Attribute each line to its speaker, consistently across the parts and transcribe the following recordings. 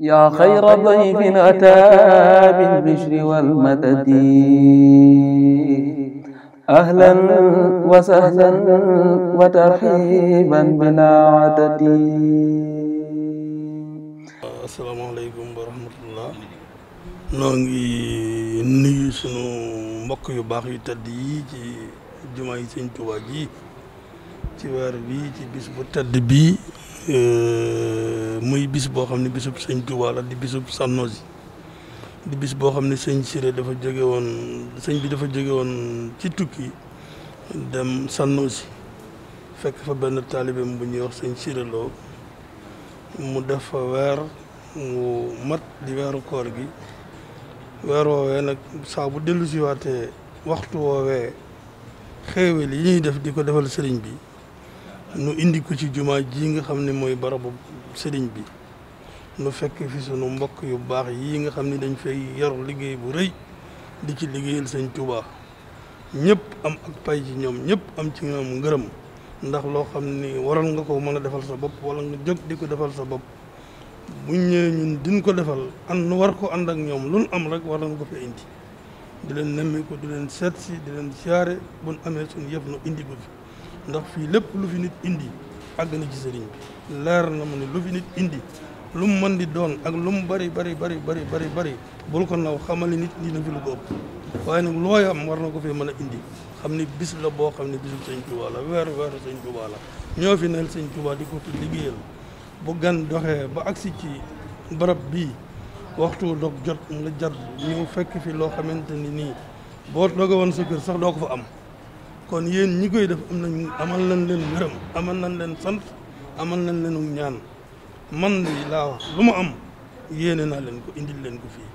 Speaker 1: yaa xayra dayfin ataa bil bishri wal madadi wa sahlan wa tarhiiban bilaa adadi. asalaamaaleykum wa rahmatullah. noo ngi nuyu mbokk yu baax yu tëdd yi ci jumaa yi Sëñ ji ci weer bi ci bis bu tëdd bi. Euh, muy bis boo xam ne bisub sëñ Touba la di bisub Sanoosi di bis boo xam ne sëñ Siré dafa jóge woon sëñ bi dafa jóge woon ci tukki dem Sanoosi fekk fa benn taalibeem bu ñuy wax sëñ Siré Lo mu def fa weer mu mat di weeru koor gi weer woowee nag saa bu dellu si waxtu woowee xéewal yi ñuy def di ko defal sëriñ bi nu indi ko ci jumaa ji nga xam ne mooy barabu sëriñ bi nu fekk fi sunu mbokk yu baax yi nga xam ni dañ fay yor liggéey bu rëy di ci liggéeyal sëñ Tuubaa ñëpp am ak pay ci ñoom ñëpp am ci ñoom ngërëm ndax loo xam ni waral nga ko mën a defal sa bopp wala nga jóg di ko defal sa bopp buñ ñëwee ñun din ko defal ànd war ko ànd ak ñoom lu nu am rek war nañ ko fa indi di leen nemmeeku di leen seet si di leen siyaare buñ amee suñu yëf nu indi ko fi ndax fii lépp lu fi nit indi àgg na ci sëriñ bi leer na mu ne lu fi nit indi lu mu mën di doon ak lu mu bari bari bari bari bari bari bul ko naw xamali nit dina fi lu ko ëpp waaye nag looy am war na ko fee mën a indi xam ni bis la boo xam ne bisu sëñ Tuubaa la weeru weeru sëñ Tuubaa la ñoo fi neel sëñ Tuubaa di ko fi liggéeyal bu gan doxee ba agsi ci barab bii waxtu dog jot mu la jàdd fekk fi loo xamante ni nii boo doge woon sa kër sax doo ko fa am kon yéen ñi koy def am nañ amal nañ leen ngërëm amal nañ leen sant amal nañ leen ñaan man li laa wax lu mu am yéene naa leen ko indil leen ko fii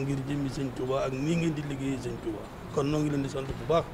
Speaker 1: ngir jëmmi seen Tuubaa ak nii ngeen di liggéey sëñ Tuubaa kon noo ngi leen di sant bu baax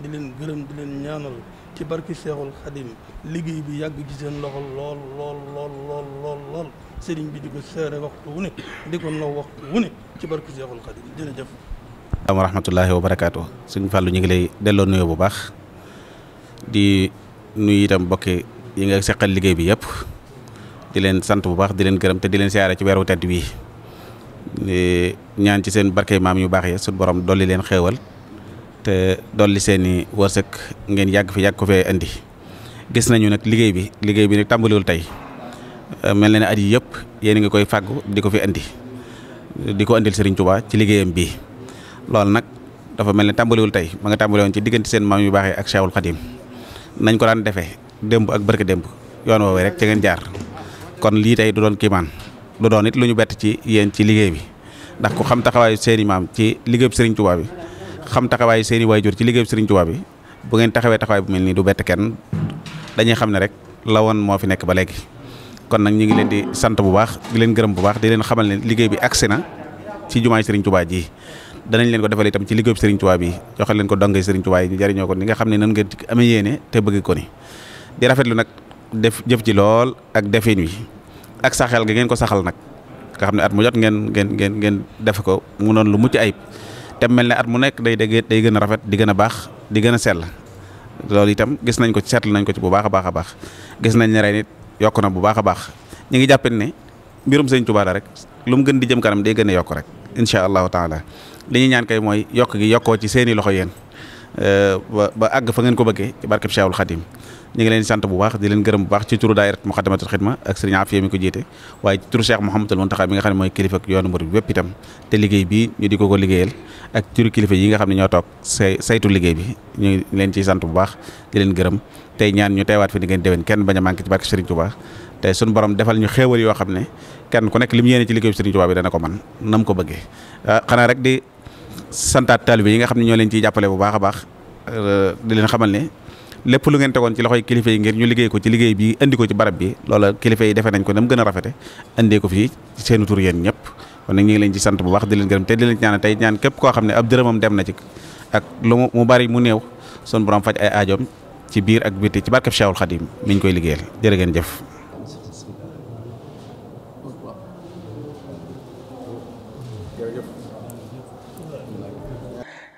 Speaker 1: di leen gërëm di leen ñaanal ci barki Seexul Xadim liggéey bi yàgg ci seen loxo lool lool lool lool lool lool bi di ko seere waxtu wu ne di ko naw waxtu wu ne ci barki Seexul Xadim jërëjëf
Speaker 2: wa rahmatullahi wa barakaatu suñ fàllu ñu ngi lay delloo nuyoo bu baax di nuyu itam bokki yi nga seqal liggéey bi yëpp di leen sant bu baax di leen gërëm te di leen siyaare ci weeru tedd wii ñaan ci seen barkey maam yu baax ya suñ borom dolli leen xéewal te dolli seen i wërsëg ngeen yàgg fi yàgg ko fee indi gis nañu nag liggéey bi liggéey bi nag tàmbaliwul tey mel na ne at yi yëpp yéen ngi koy fàggu di ko fi indi di ko indil Serigne Touba ci liggéeyam bii loolu nag dafa mel ne tàmbaliwul tey ma nga tàmbali ci diggante seen maam yu baaxee ak Cheikhul Khadim nañ ko daan defee démb ak barke démb yoon woowee rek ca ngeen jaar kon lii tey du doon kiimaan du doon it lu ñu bett ci yéen ci liggéey bi ndax ku xam taxawaayu seeni maam ci liggéeyu Serigne Touba bi xam taxawaayu seeni waajur ci liggéeyu Serigne Touba bi bu ngeen taxawee taxawaay bu mel nii du bett kenn dañuy xam ne rek la woon moo fi nekk ba léegi kon nag ñu ngi leen di sant bu baax di leen gërëm bu baax di leen xamal ne liggéey bi agsi na ci jumaay Serigne Touba ji danañ leen ko defal itam ci liggéeyub Serigne Touba bi joxal leen ko dongay Serigne Touba yi ñu jariñoo ko ni nga xam ne nan ngeen te bëgg ko ni di rafetlu nag def jëf ci lool ak defin wi ak saxel gi ngeen ko saxal nag nga xam ne at mu ngeen ngeen ngeen def ko mu noonu lu mucc ayib te mel ne at mu nekk day day gën a rafet di gën a baax di gën a sell loolu itam gis nañ ko ci seetlu nañ ko ci bu baax a baax a baax gis nañ ne ren it yokk na bu baax a baax ñu ngi jàppin ne mbirum Sëñ Tuubaa la rek lu mu gën di jëm kanam day gën a yokk rek incha allah taala li ñuy ñaan kay mooy yokk gi yokkoo ci seeni loxo yéen euh, ba ba fa ngeen ko bëggee ci barkeb Cheikhul Khadim ñu ngi leen sant bu baax di leen gërëm bu baax ci turu daayirat Muxaddamatul Xidma ak sëriñ Afiya mi ko jiite waaye ci turu xam ne mooy kilifa ak yoonu murid wépp yi nga xam ne ñoo toog sant bu baax di leen gërëm te ñaan ñu teewaat fi di ngeen déwén kenn bañ a manqué ci barke Sëriñ Tuubaa tey sunu borom defal ñu xéewal yoo xam ne kenn ku nekk li mu yéene ci liggéeyu Sëriñ Tuubaa bi dana ko man nam ko bëggee ah, xanaa rek santaat taalibe yi nga xam ne ñoo leen ciy jàppale bu baax a baax euh, di leen xamal ne lépp lu ngeen tegoon ci loxoy kilifa yi ngir ñu liggéey ko ci liggéey bi indi ko ci barab bi loola kilifa yi defe nañ ko dem mu gën a rafete indee ko fii ci seenu tur yéen ñëpp kon nag ñu ngi leen ci sant bu baax di leen gërëm te di leen tey ñaan képp koo xam ne ab dërëmam dem na ci ak lu mu bari mu néew sun borom faj ay aajoom ci biir ak biti ci barkeb Cheikhul Khadim mi ñu koy liggéeyal jërë ngeen jëf